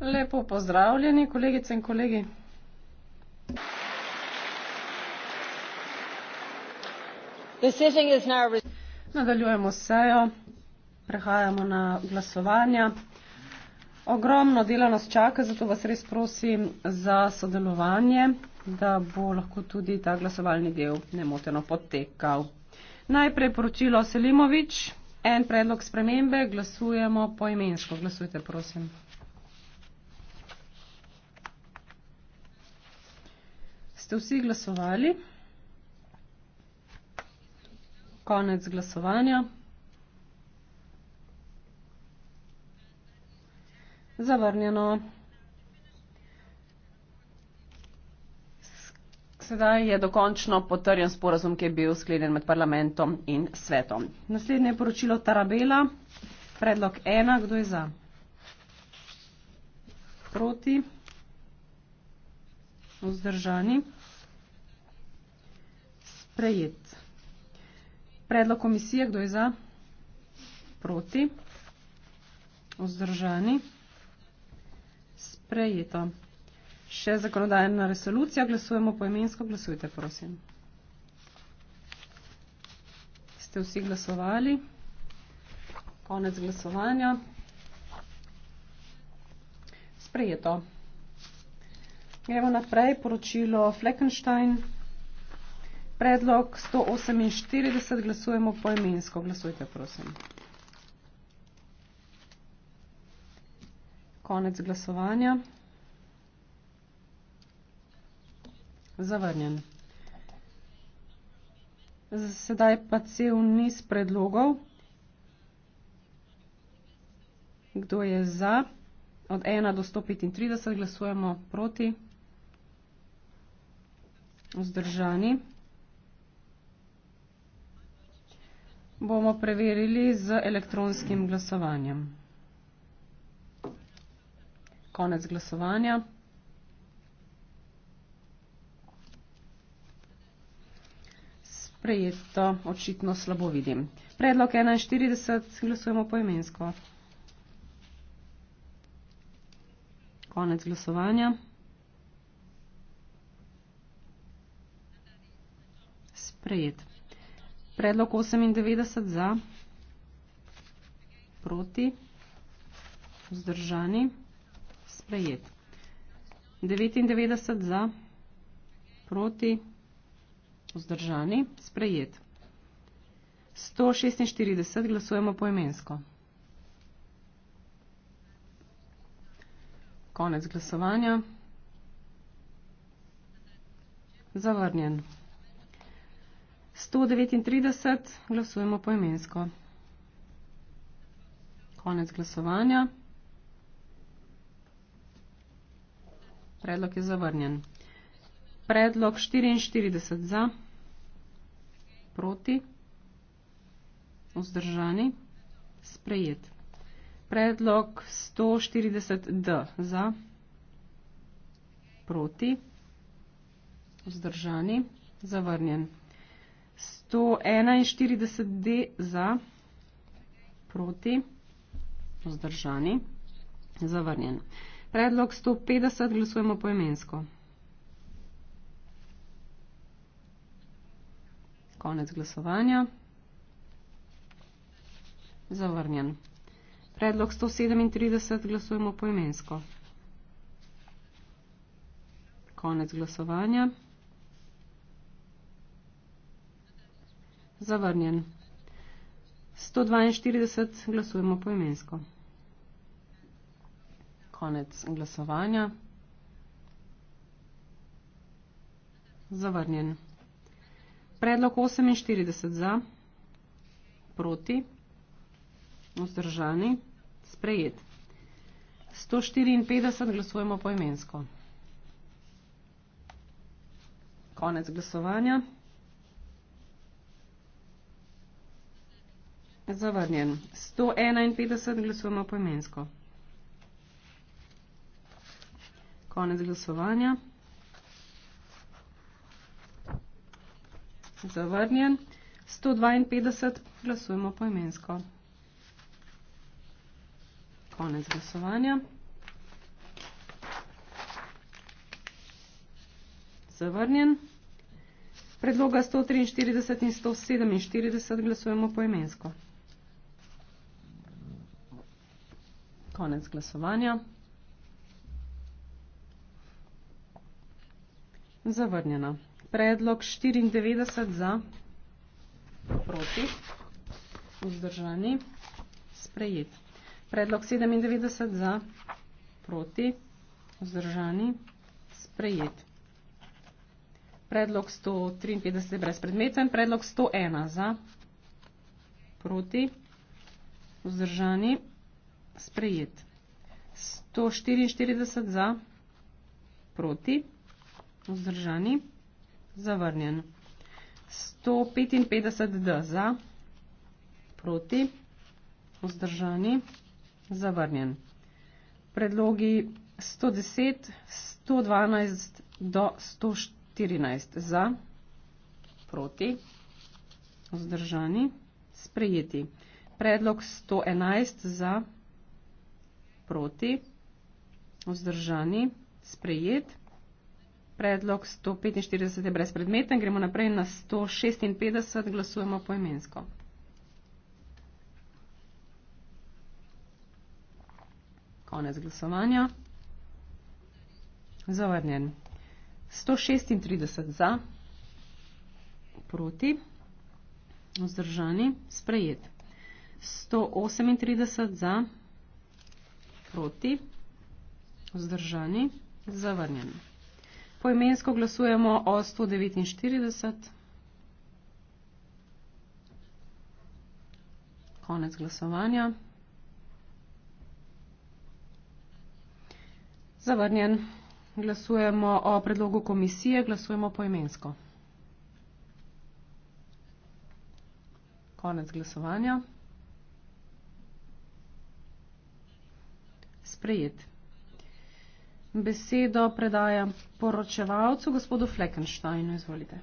Lepo pozdravljeni, kolegice in kolegi. Nadaljujemo sejo, prehajamo na glasovanja. Ogromno dela nas čaka, zato vas res prosim za sodelovanje, da bo lahko tudi ta glasovalni del nemoteno potekal. Najprej poročilo Selimovič, en predlog spremembe, glasujemo poimensko. Glasujte, prosim. ste vsi glasovali. Konec glasovanja. Zavrnjeno. Sedaj je dokončno potrjen sporazum, ki je bil sklenjen med parlamentom in svetom. Naslednje je poročilo Tarabela. Predlog ena. Kdo je za? Proti. Vzdržani sprejet. Predlog komisije, kdo je za? Proti. Ozdržani. Sprejeto. Še zakonodajna resolucija, glasujemo poimensko, glasujte, prosim. Ste vsi glasovali? Konec glasovanja. Sprejeto. Gremo naprej, poročilo Fleckenstein. Predlog 148 glasujemo poimensko. Glasujte, prosim. Konec glasovanja. Zavrnjen. Sedaj pa cel niz predlogov. Kdo je za? Od 1 do 135 glasujemo proti. Vzdržani. bomo preverili z elektronskim glasovanjem. Konec glasovanja. Sprejeto, očitno slabo vidim. Predlog 41, glasujemo poimensko. Konec glasovanja. Sprejeto. Predlog 98 za, proti, vzdržani, sprejet. 99 za, proti, vzdržani, sprejet. 146 glasujemo poimensko. Konec glasovanja. Zavrnjen. 139, glasujemo po imensko. Konec glasovanja. Predlog je zavrnjen. Predlog 44 za, proti, vzdržani, sprejet. Predlog 140 d za, proti, vzdržani, zavrnjen. 141 D za, proti, vzdržani, zavrnjen. Predlog 150 glasujemo poemensko. Konec glasovanja. Zavrnjen. Predlog 137 glasujemo poemensko. Konec glasovanja. Zavrnjen. 142 glasujemo poimensko. Konec glasovanja. Zavrnjen. Predlog 48 za, proti, vzdržani, sprejet. 154 glasujemo poimensko. Konec glasovanja. Zavrnjen. 151 glasujemo poimensko. Konec glasovanja. Zavrnjen. 152 glasujemo poimensko. Konec glasovanja. Zavrnjen. Predloga 143 in 147 glasujemo poimensko. imensko. konec glasovanja. Zavrnjeno. Predlog 94 za proti, vzdržani, sprejet. Predlog 97 za proti, vzdržani, sprejet. Predlog 153 je brezpredmeten, predlog 101 za proti, vzdržani, sprejet sprejet. 144 za, proti, vzdržani, zavrnjen. 155 d za, proti, vzdržani, zavrnjen. Predlogi 110, 112 do 114 za, proti, vzdržani, sprejeti. Predlog 111 za, proti, vzdržani, sprejeti proti, vzdržani, sprejet. Predlog 145 je brezpredmeten. Gremo naprej na 156, glasujemo poimensko. Konec glasovanja. Zavrnjen. 136 za, proti, vzdržani, sprejet. 138 za, proti, vzdržani, zavrnjeni. Poimensko glasujemo o 149. Konec glasovanja. Zavrnjen. Glasujemo o predlogu komisije, glasujemo poimensko. Konec glasovanja. sprejet. Besedo predajam poročevalcu, gospodu Fleckensteinu, izvolite.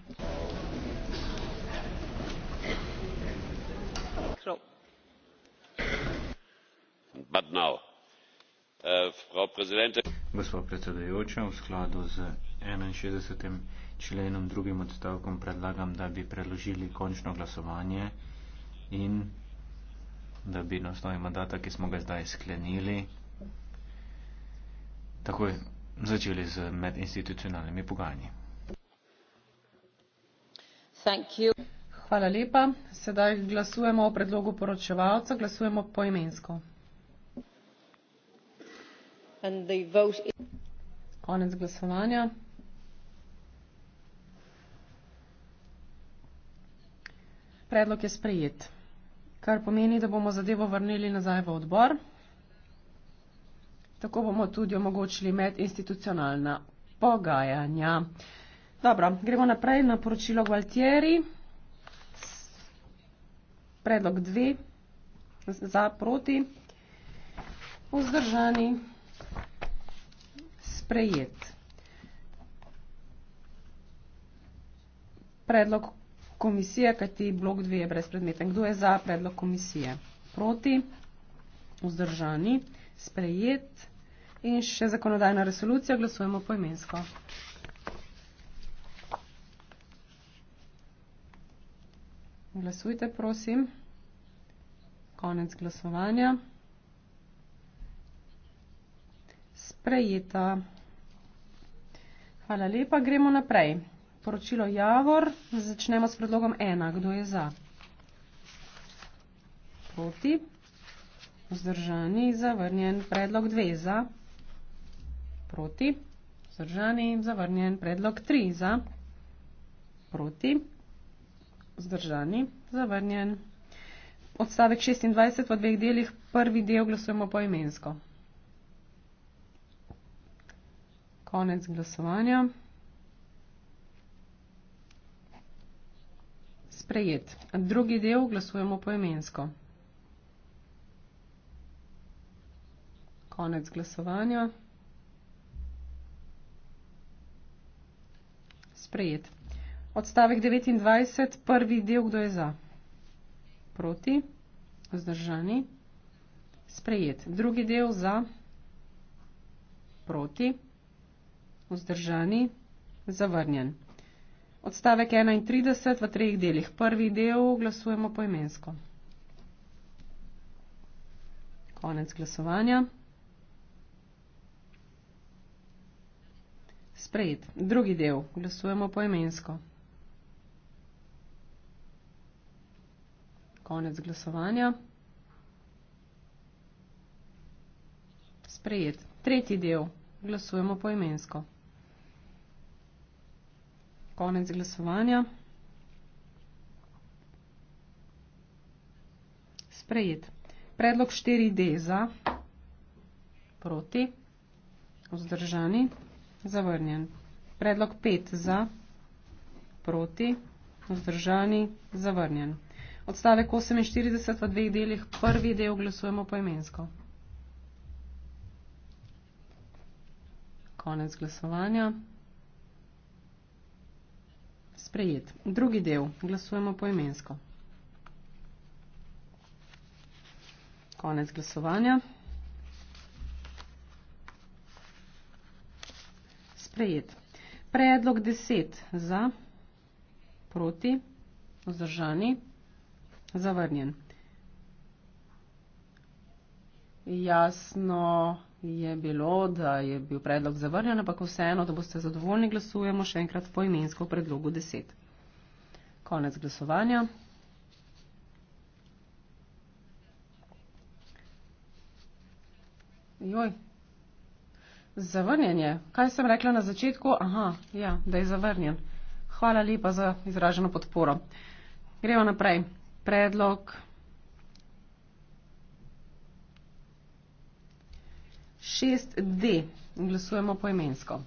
Uh, Gospod predsedujoča, v skladu z 61. členom drugim odstavkom predlagam, da bi preložili končno glasovanje in da bi na osnovi mandata, ki smo ga zdaj sklenili, takoj začeli z medinstitucionalnimi pogajanji. Hvala lepa. Sedaj glasujemo o predlogu poročevalca. Glasujemo poimensko. Konec glasovanja. Predlog je sprejet, kar pomeni, da bomo zadevo vrnili nazaj v odbor. Tako bomo tudi omogočili medinstitucionalna pogajanja. Dobro, gremo naprej na poročilo Gualtieri. Predlog dve za proti. Vzdržani sprejet. Predlog komisije, kajti blok dve je brezpredmeten. Kdo je za predlog komisije? Proti. Vzdržani sprejet. Sprejet. In še zakonodajna resolucija, glasujemo poimensko. Glasujte, prosim. Konec glasovanja. Sprejeta. Hvala lepa, gremo naprej. Poročilo Javor, začnemo s predlogom ena. Kdo je za? Proti. Vzdržani, zavrnjen. Predlog dve za proti, zdržani, zavrnjen. Predlog 3 za, proti, zdržani, zavrnjen. Odstavek 26 v dveh delih, prvi del glasujemo po imensko. Konec glasovanja. Sprejet. Drugi del glasujemo po imensko. Konec glasovanja. sprejet. Odstavek 29, prvi del, kdo je za? Proti, vzdržani, sprejet. Drugi del za, proti, vzdržani, zavrnjen. Odstavek 31 v treh delih. Prvi del glasujemo poimensko. Konec glasovanja. Sprejet. Drugi del. Glasujemo poemensko. Konec glasovanja. Sprejet. Tretji del. Glasujemo poemensko. Konec glasovanja. Sprejet. Predlog 4D za. Proti. Vzdržani. Zavrnjen. Predlog 5 za, proti, vzdržani, zavrnjen. Odstavek 48 v dveh delih, prvi del glasujemo poimensko. Konec glasovanja. Sprejet. Drugi del glasujemo poimensko. Konec glasovanja. sprejet. Predlog 10 za, proti, vzdržani, zavrnjen. Jasno je bilo, da je bil predlog zavrnjen, ampak vseeno, da boste zadovoljni, glasujemo še enkrat po imensko predlogu 10. Konec glasovanja. Joj, Zavrnjenje. Kaj sem rekla na začetku? Aha, ja, da je zavrnjen. Hvala lepa za izraženo podporo. Gremo naprej. Predlog. Šest D. Glasujemo poimensko.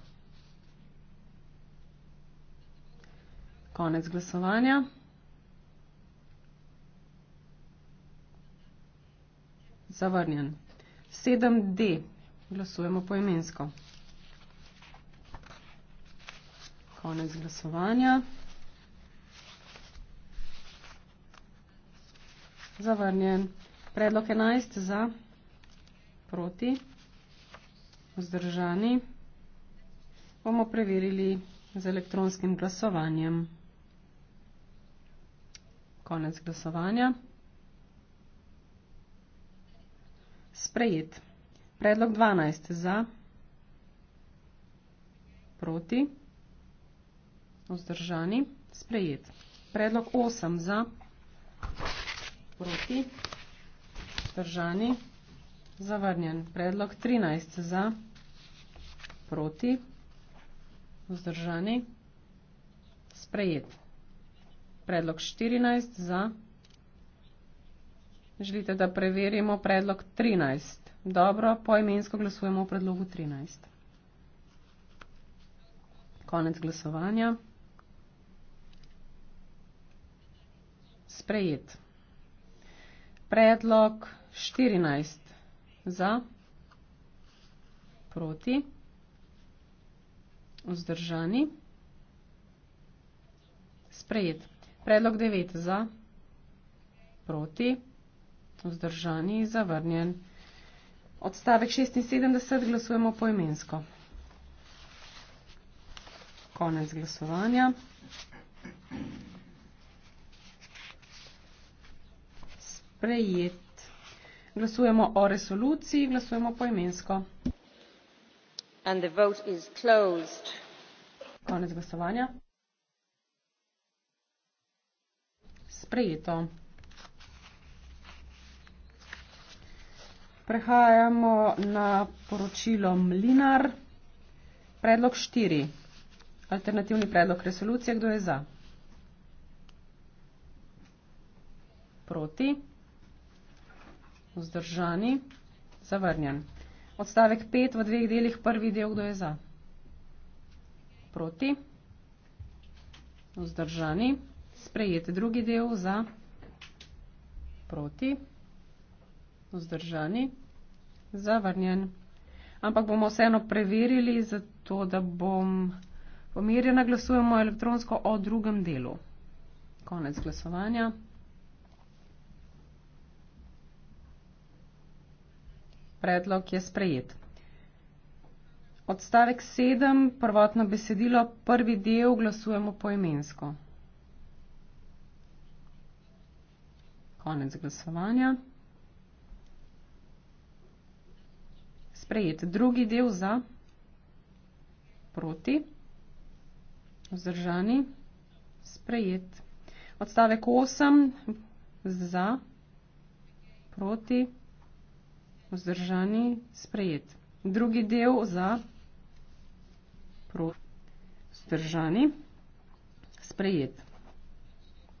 Konec glasovanja. Zavrnjen. 7D. Glasujemo po imensko. Konec glasovanja. Zavrnjen. Predlog 11 za, proti, vzdržani. Bomo preverili z elektronskim glasovanjem. Konec glasovanja. Sprejet. Predlog 12. Za, proti, vzdržani, sprejet. Predlog 8. Za, proti, vzdržani, zavrnjen. Predlog 13. Za, proti, vzdržani, sprejet. Predlog 14. Za, želite, da preverimo predlog 13. Dobro, poimensko glasujemo o predlogu 13. Konec glasovanja. Sprejet. Predlog 14 za, proti, vzdržani. Sprejet. Predlog 9 za, proti, vzdržani, zavrnjen. Odstavek 76 glasujemo poimensko. Konec glasovanja. Sprejet. Glasujemo o resoluciji, glasujemo poimensko. And the vote is closed. Konec glasovanja. Sprejeto. Prehajamo na poročilo Mlinar. Predlog 4. Alternativni predlog resolucije. Kdo je za? Proti. Vzdržani. Zavrnjen. Odstavek 5 v dveh delih. Prvi del. Kdo je za? Proti. Vzdržani. Sprejete drugi del. Za. Proti vzdržani, zavrnjen. Ampak bomo vseeno preverili, zato da bom pomirjena, glasujemo elektronsko o drugem delu. Konec glasovanja. Predlog je sprejet. Odstavek 7, prvotno besedilo, prvi del glasujemo poimensko. Konec glasovanja. sprejet. Drugi del za proti, vzdržani, sprejet. Odstavek 8 za proti, vzdržani, sprejet. Drugi del za proti, vzdržani, sprejet.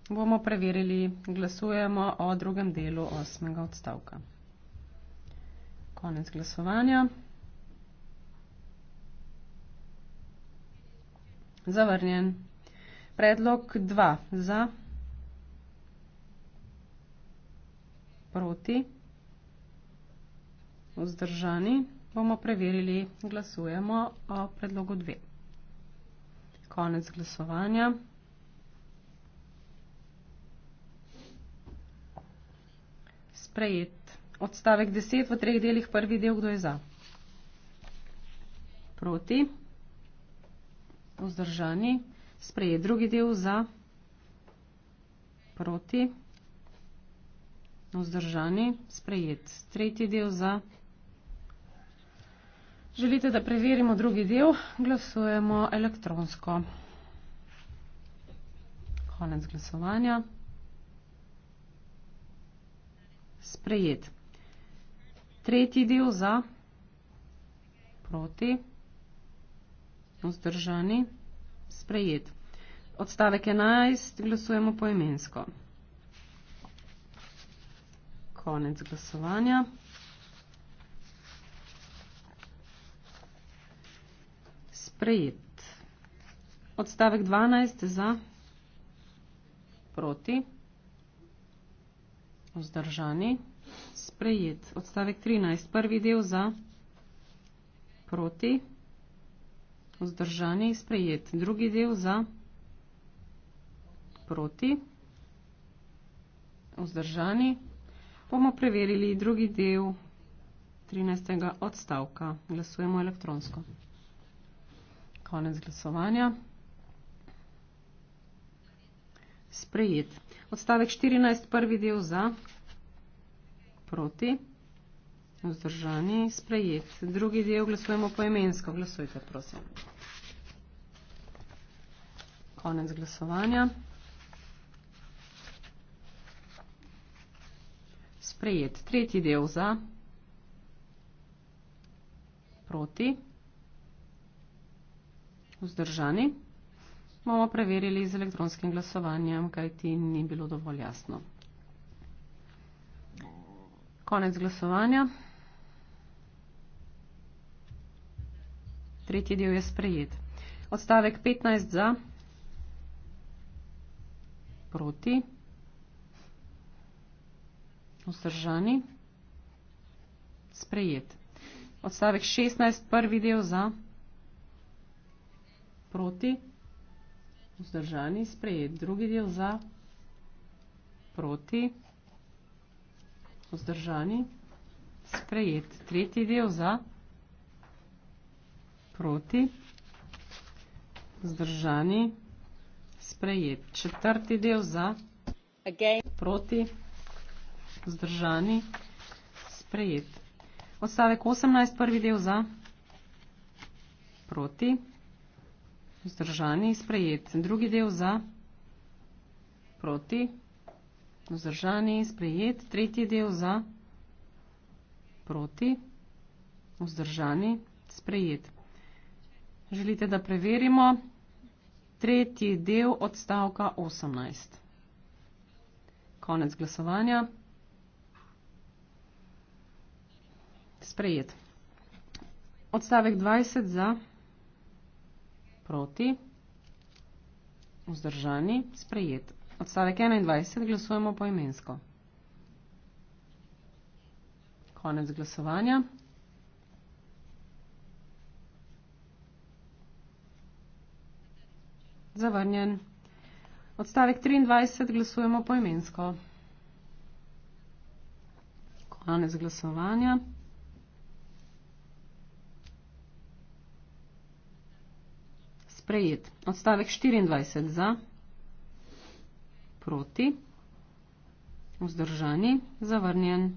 Bomo preverili, glasujemo o drugem delu osmega odstavka konec glasovanja. Zavrnjen. Predlog 2 za. Proti. Vzdržani. Bomo preverili. Glasujemo o predlogu 2. Konec glasovanja. Sprejet. Odstavek 10 v treh delih, prvi del, kdo je za? Proti? Vzdržani? Spreje drugi del za? Proti? Vzdržani? Sprejet. Tretji del za? Želite, da preverimo drugi del? Glasujemo elektronsko. Konec glasovanja. Sprejet. Tretji del za, proti, vzdržani, sprejet. Odstavek 11, glasujemo poimensko. Konec glasovanja. Sprejet. Odstavek 12 za, proti, vzdržani, sprejet. Odstavek 13. Prvi del za proti, vzdržani, sprejet. Drugi del za proti, vzdržani. Bomo preverili drugi del 13. odstavka. Glasujemo elektronsko. Konec glasovanja. Sprejet. Odstavek 14. Prvi del za proti proti, vzdržani, sprejet. Drugi del glasujemo poemensko. Glasujte, prosim. Konec glasovanja. Sprejet. Tretji del za, proti, vzdržani. Bomo preverili z elektronskim glasovanjem, kaj ti ni bilo dovolj jasno. Konec glasovanja. Tretji del je sprejet. Odstavek 15 za. Proti. Vzdržani. Sprejet. Odstavek 16, prvi del za. Proti. Vzdržani. Sprejet. Drugi del za. Proti vzdržani, sprejet. Tretji del za, proti, vzdržani, sprejet. Četrti del za, Again. proti, vzdržani, sprejet. Odstavek 18, prvi del za, proti, vzdržani, sprejet. Drugi del za, proti, vzdržani, sprejet vzdržani, sprejet, tretji del za, proti, vzdržani, sprejet. Želite, da preverimo tretji del odstavka 18. Konec glasovanja. Sprejet. Odstavek 20 za, proti, vzdržani, sprejet. Odstavek 21 glasujemo po imensko. Konec glasovanja. Zavrnjen. Odstavek 23 glasujemo po imensko. Konec glasovanja. Sprejet. Odstavek 24 za proti, vzdržani, zavrnjen.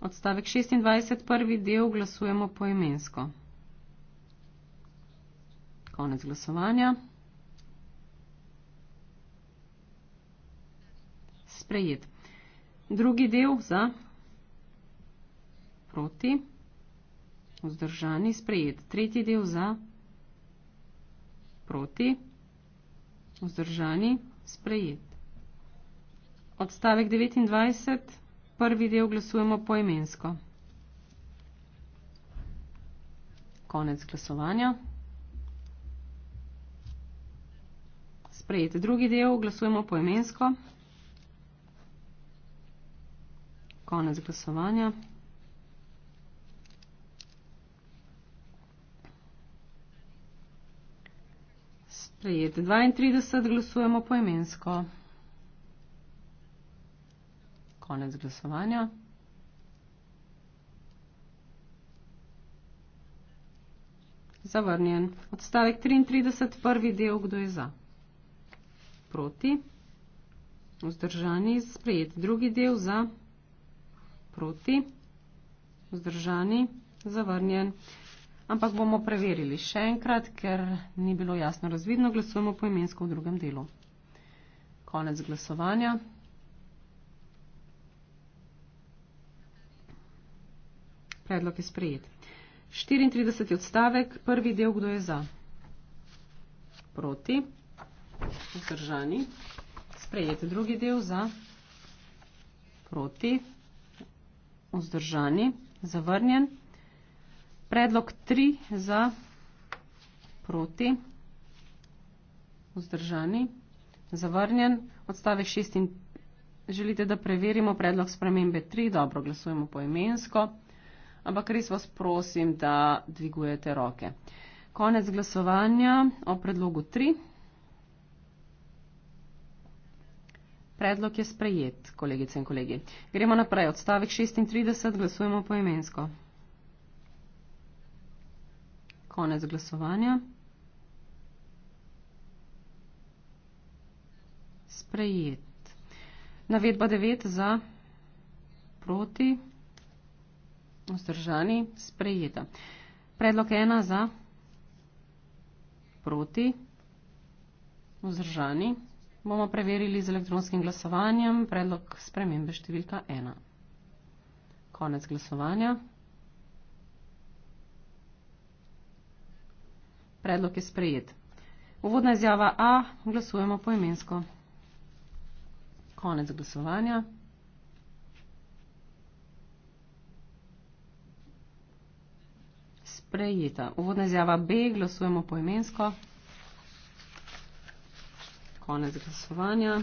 Odstavek 26, prvi del, glasujemo poimensko. Konec glasovanja. Sprejet. Drugi del za proti, vzdržani, sprejet. Tretji del za proti, vzdržani, sprejet. Odstavek 29, prvi del glasujemo poimensko. Konec glasovanja. Sprejete drugi del, glasujemo poimensko. Konec glasovanja. Sprejete 32, glasujemo poimensko. imensko konec glasovanja. Zavrnjen. Odstavek 33, prvi del, kdo je za? Proti. Vzdržani, sprejet. Drugi del za? Proti. Vzdržani, zavrnjen. Ampak bomo preverili še enkrat, ker ni bilo jasno razvidno, glasujemo po imensko v drugem delu. Konec glasovanja. Predlog je sprejet. 34. odstavek, prvi del, kdo je za? Proti. Vzdržani. Sprejet drugi del za? Proti. Vzdržani. Zavrnjen. Predlog 3 za? Proti. Vzdržani. Zavrnjen. Odstavek 6. In... Želite, da preverimo predlog spremembe 3? Dobro, glasujemo poimensko. imensko ampak res vas prosim, da dvigujete roke. Konec glasovanja o predlogu 3. Predlog je sprejet, kolegice in kolegi. Gremo naprej. Odstavek 36. Glasujemo poimensko. Konec glasovanja. Sprejet. Navedba 9 za proti. Vzdržani sprejeta. Predlog ena za proti. Vzdržani. Bomo preverili z elektronskim glasovanjem predlog spremembe številka ena. Konec glasovanja. Predlog je sprejet. Uvodna izjava A. Glasujemo poimensko. Konec glasovanja. sprejeta. Uvodna izjava B, glasujemo poimensko. Konec glasovanja.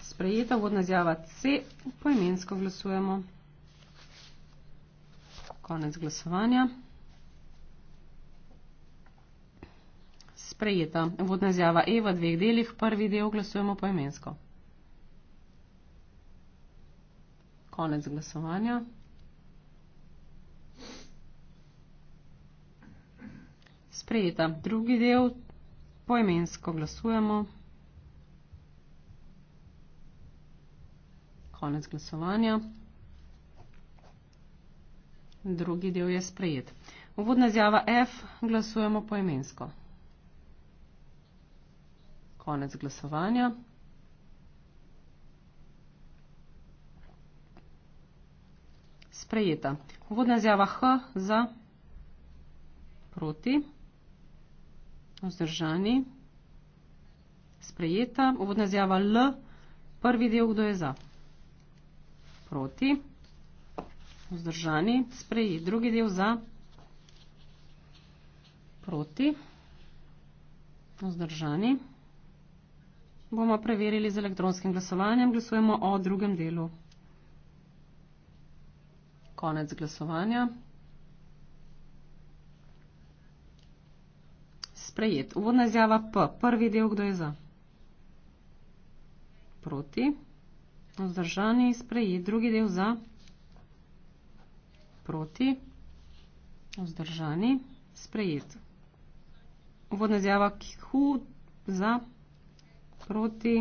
Sprejeta uvodna izjava C, poimensko glasujemo. Konec glasovanja. Sprejeta. Vodna zjava E v dveh delih. Prvi del glasujemo poimensko. imensko. konec glasovanja. Sprejeta drugi del, poimensko glasujemo. Konec glasovanja. Drugi del je sprejet. Uvodna izjava F, glasujemo poimensko. Konec glasovanja. sprejeta. Uvodna izjava H za proti, vzdržani, sprejeta. Uvodna izjava L, prvi del, kdo je za proti, vzdržani, sprejeti. Drugi del za proti, vzdržani. Bomo preverili z elektronskim glasovanjem. Glasujemo o drugem delu konec glasovanja. Sprejet. Uvodna izjava P. Prvi del, kdo je za? Proti. Vzdržani. Sprejet. Drugi del za? Proti. Vzdržani. Sprejet. Uvodna izjava Q. Za? Proti.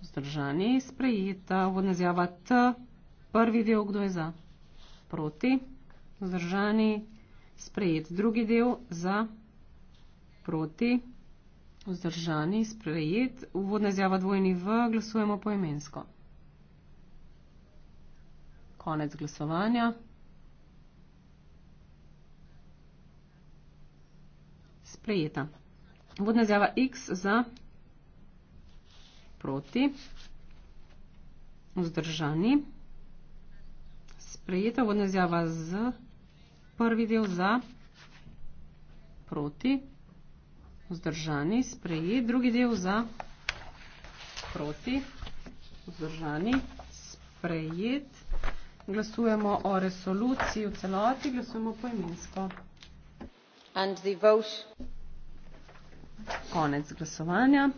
Vzdržani. Sprejeta. Uvodna izjava T. Prvi del, kdo je za? Proti proti, vzdržani, sprejet. Drugi del za, proti, vzdržani, sprejet. Uvodna izjava dvojni V, glasujemo po imensko. Konec glasovanja. Sprejeta. Uvodna izjava X za, proti, vzdržani, sprejet prejeta vodna izjava z prvi del za, proti, vzdržani, sprejet, drugi del za, proti, vzdržani, sprejet. Glasujemo o resoluciji v celoti, glasujemo po imensko. And the vote. Konec glasovanja.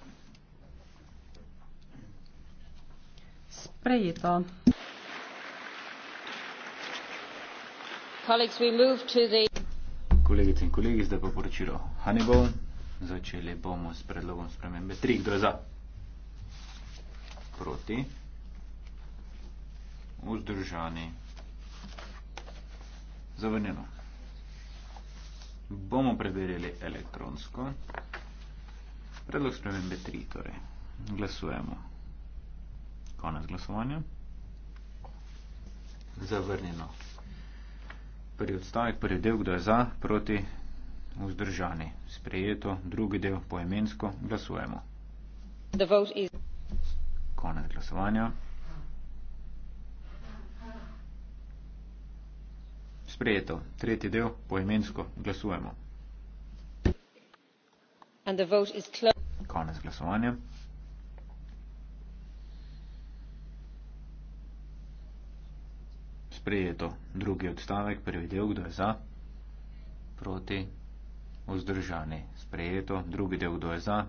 Sprejeto. Kolegice in kolegi, zdaj pa poročilo Hannibal. Začeli bomo s predlogom spremembe. Tri, kdo je za? Proti. Vzdržani. Zavrnjeno. Bomo preverili elektronsko. Predlog spremembe 3, torej. Glasujemo. Konec glasovanja. Zavrnjeno prvi odstavek, prvi del, kdo je za, proti, vzdržani, sprejeto, drugi del, poemensko, glasujemo. Is... Konec glasovanja. Sprejeto, tretji del, poemensko, glasujemo. Konec glasovanja. sprejeto. Drugi odstavek, prvi del, kdo je za? Proti. Vzdržani. Sprejeto. Drugi del, kdo je za?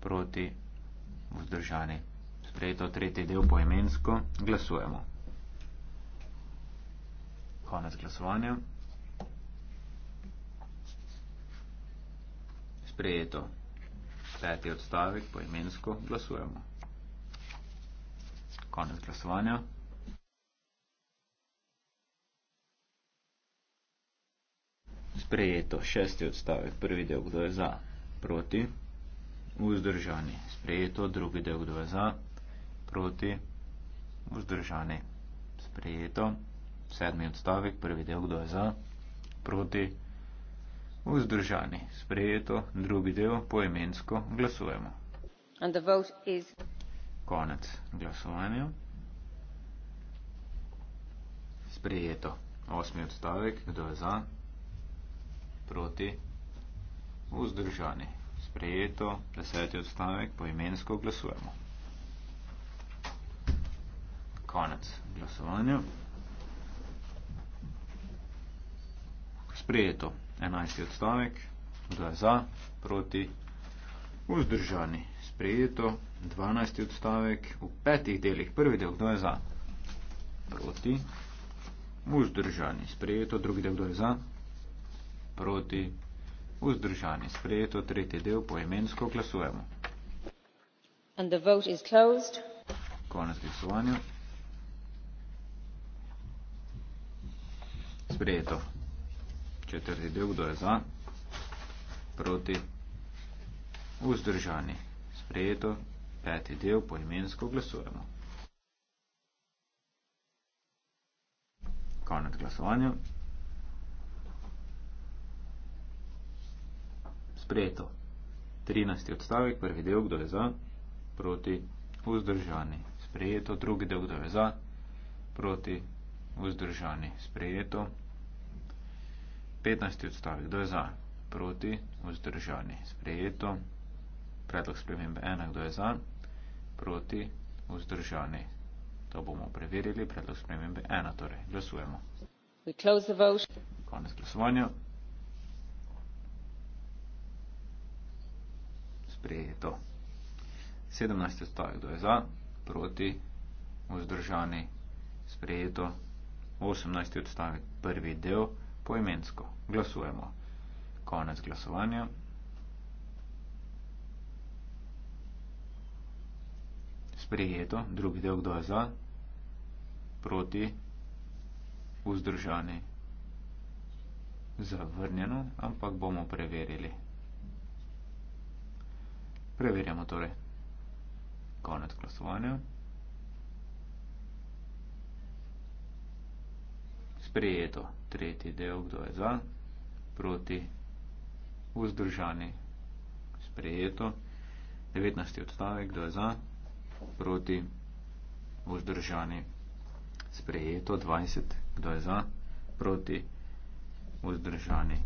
Proti. Vzdržani. Sprejeto. Tretji del poimensko. Glasujemo. Konec glasovanja. Sprejeto. Peti odstavek poimensko. Glasujemo. Konec glasovanja. Sprejeto. Šesti odstavek. Prvi del, kdo je za. Proti. Vzdržani. Sprejeto. Drugi del, kdo je za. Proti. Vzdržani. Sprejeto. Sedmi odstavek. Prvi del, kdo je za. Proti. Vzdržani. Sprejeto. Drugi del, poimensko, glasujemo. And the vote is... Konec glasovanja. Sprejeto. Osmi odstavek. Kdo je za? Proti proti vzdržani. Sprejeto, deseti odstavek, poimensko glasujemo. Konec glasovanja. Sprejeto, enajsti odstavek, kdo je za, proti vzdržani. Sprejeto, dvanajsti odstavek, v petih delih, prvi del, kdo je za, proti vzdržani. Sprejeto, drugi del, kdo je za, proti vzdržani proti, vzdržani. Sprejeto tretji del poimensko glasujemo. And the vote is closed. Konec glasovanja. Sprejeto. Četrti del, kdo je za? Proti, vzdržani. Sprejeto. Peti del poimensko glasujemo. Konec glasovanja. sprejeto. 13. odstavek, prvi del, kdo je za, proti, vzdržani, sprejeto. Drugi del, kdo je za, proti, vzdržani, sprejeto. 15. odstavek, kdo je za, proti, vzdržani, sprejeto. Predlog spremembe 1, kdo je za, proti, vzdržani. To bomo preverili, predlog spremembe 1, torej glasujemo. Konec glasovanja. sprejeto. 17. stavek, kdo je za, proti, vzdržani, sprejeto. 18. odstavek, prvi del, poimensko. Glasujemo. Konec glasovanja. Sprejeto, drugi del, kdo je za, proti, vzdržani, zavrnjeno, ampak bomo preverili. Preverjamo torej. Konec glasovanja. Sprejeto tretji del, kdo je za, proti, vzdržani, sprejeto. 19. odstavek, kdo je za, proti, vzdržani, sprejeto. 20. kdo je za, proti, vzdržani,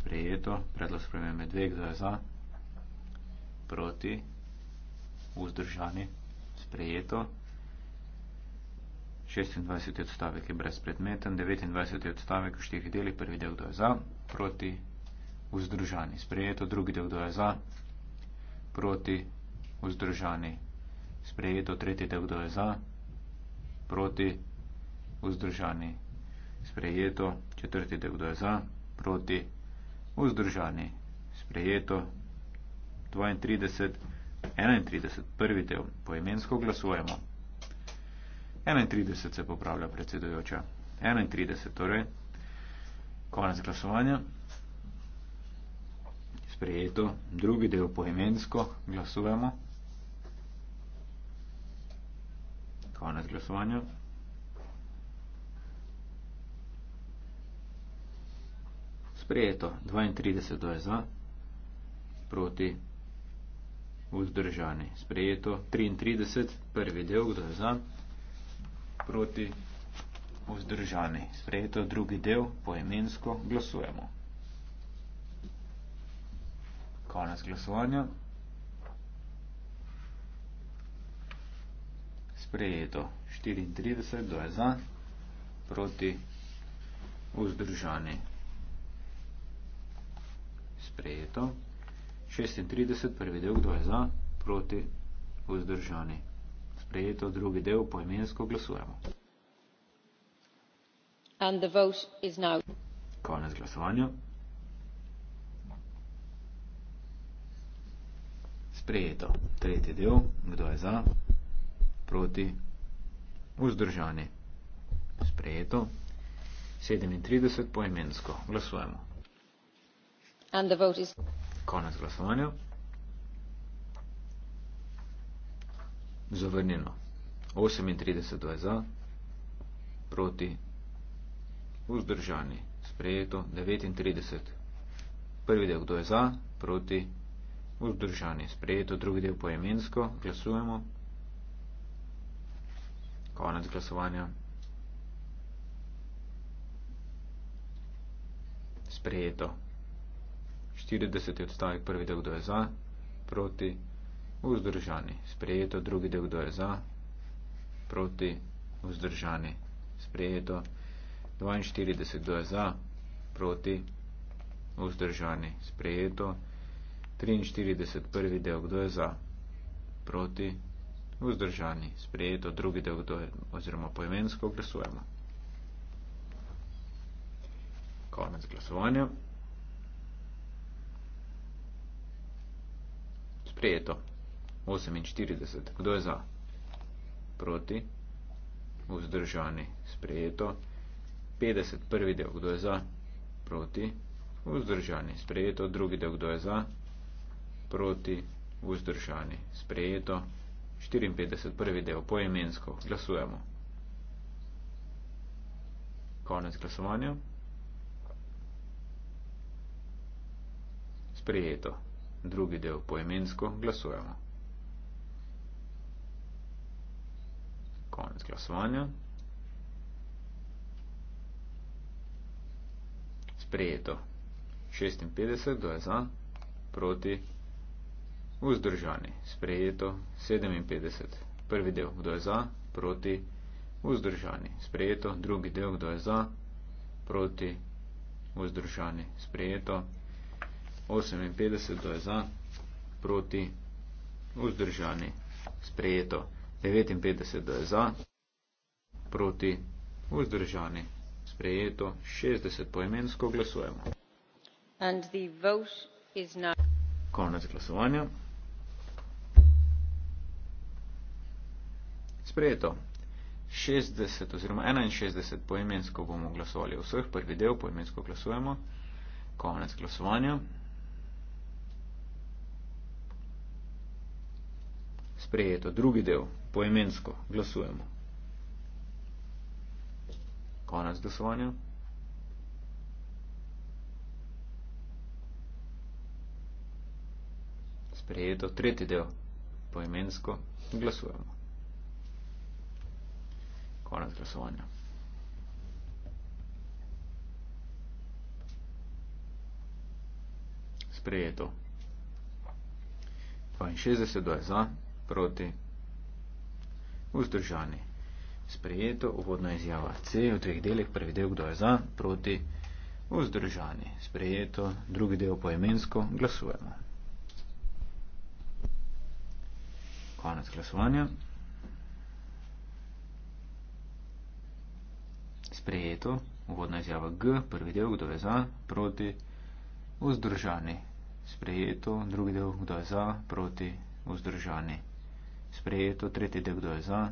sprejeto. Predlog spremembe 2, kdo je za, proti, vzdržani, sprejeto. 26. odstavek je brezpredmeten, 29. odstavek v štirih delih, prvi del kdo je za, proti, vzdržani, sprejeto, drugi del kdo je za, proti, vzdržani, sprejeto, tretji del kdo je za, proti, vzdržani, sprejeto, četrti del kdo je za, proti, vzdržani, sprejeto, 32, 31, prvi del, poimensko glasujemo. 31 se popravlja predsedujoča. 31, torej, konec glasovanja. Sprejeto, drugi del, poimensko glasujemo. Konec glasovanja. Sprejeto, 32 do je za, proti vzdržani. Sprejeto 33, prvi del, kdo je za, proti vzdržani. Sprejeto drugi del, poemensko, glasujemo. Konec glasovanja. Sprejeto 34, kdo je za, proti vzdržani. Sprejeto. 36, prvi del, kdo je za, proti, vzdržani. Sprejeto drugi del, poimensko glasujemo. And the vote is now. Konec glasovanja. Sprejeto. Tretji del, kdo je za, proti, vzdržani. Sprejeto. 37 poimensko. Glasujemo. And the vote is konec glasovanja. Zavrnjeno. 38 je za, proti, vzdržani, sprejeto. 39. Prvi del, kdo je za, proti, vzdržani, sprejeto. Drugi del poemensko, glasujemo. Konec glasovanja. Sprejeto. 40. odstavek prvi del, kdo je za, proti, vzdržani, sprejeto, drugi del, kdo je za, proti, vzdržani, sprejeto, 42. kdo je za, proti, vzdržani, sprejeto, 43. prvi del, kdo je za, proti, vzdržani, sprejeto, drugi del, kdo je, oziroma poimensko glasujemo. Konec glasovanja. sprejeto. 48. Kdo je za? Proti. Vzdržani. Sprejeto. 50. Prvi del. Kdo je za? Proti. Vzdržani. Sprejeto. Drugi del. Kdo je za? Proti. Vzdržani. Sprejeto. 54. Prvi del. Poimensko. Glasujemo. Konec glasovanja. Sprejeto drugi del poemensko glasujemo. Konec glasovanja. Sprejeto. 56, kdo je za, proti, vzdržani. Sprejeto. 57, prvi del, kdo je za, proti, vzdržani. Sprejeto. Drugi del, kdo je za, proti, vzdržani. Sprejeto. 58 to je za, proti, vzdržani, sprejeto. 59 to je za, proti, vzdržani, sprejeto. 60 poimensko glasujemo. Konec glasovanja. Sprejeto. 60 oziroma 61 poimensko bomo glasovali vseh, prvi del poimensko glasujemo. Konec glasovanja. sprejeto. Drugi del, poemensko, glasujemo. Konec glasovanja. Sprejeto, tretji del, poemensko, glasujemo. Konec glasovanja. Sprejeto. 62 do je za, proti. Vzdržani. Sprejeto uvodna izjava C v dveh delih, prvi del, kdo je za, proti. Vzdržani. Sprejeto, drugi del poemensko, glasujemo. Konec glasovanja. Sprejeto, uvodna izjava G, prvi del, kdo je za, proti. Vzdržani. Sprejeto, drugi del, kdo je za, proti. Vzdržani sprejeto, tretji del, kdo je za,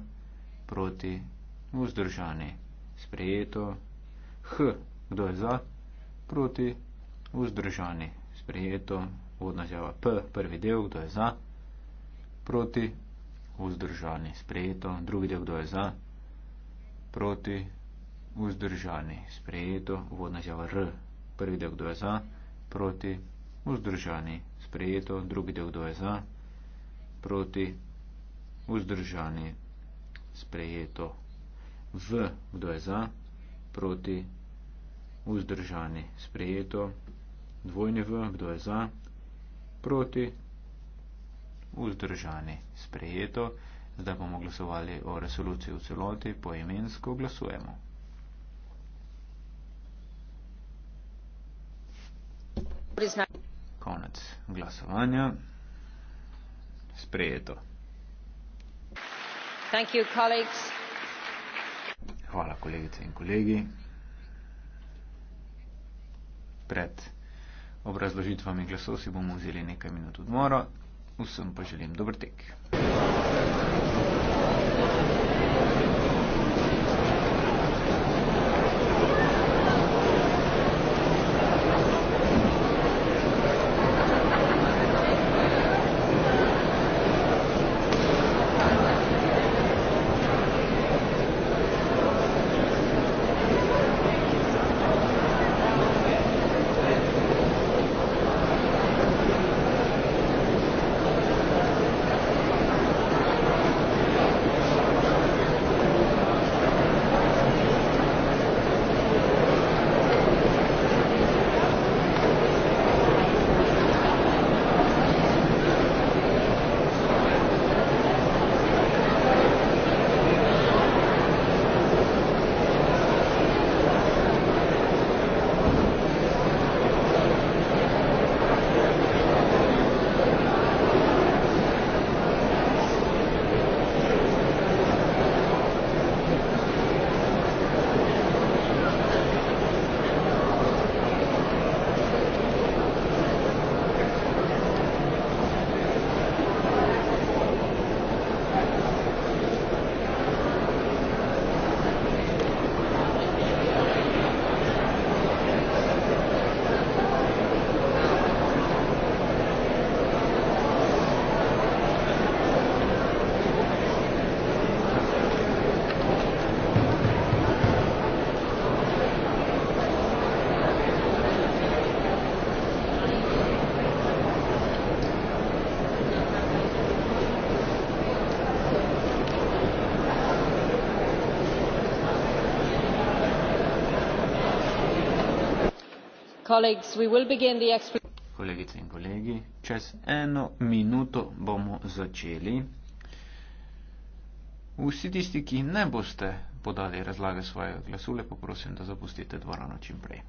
proti, vzdržani, sprejeto, h, kdo je za, proti, vzdržani, sprejeto, vodna zjava p, prvi del, kdo je za, proti, vzdržani, sprejeto, drugi del, kdo je za, proti, vzdržani, sprejeto, vodna zjava r, prvi del, kdo je za, proti, vzdržani, sprejeto, drugi del, kdo je za, proti, vzdržani, vzdržanje, sprejeto. V, kdo je za, proti, vzdržanje, sprejeto. Dvojne v, kdo je za, proti, vzdržanje, sprejeto. Zdaj bomo glasovali o resoluciji v celoti, poimensko glasujemo. Konec glasovanja. Sprejeto. Thank you, colleagues. Hvala, kolegice in kolegi. Pred obrazložitvami glasov si bomo vzeli nekaj minut odmora. Vsem pa želim dober tek. Thank you. Kolegice in kolegi, čez eno minuto bomo začeli. Vsi tisti, ki ne boste podali razlage svojega glasu, lepo prosim, da zapustite dvorano čim prej.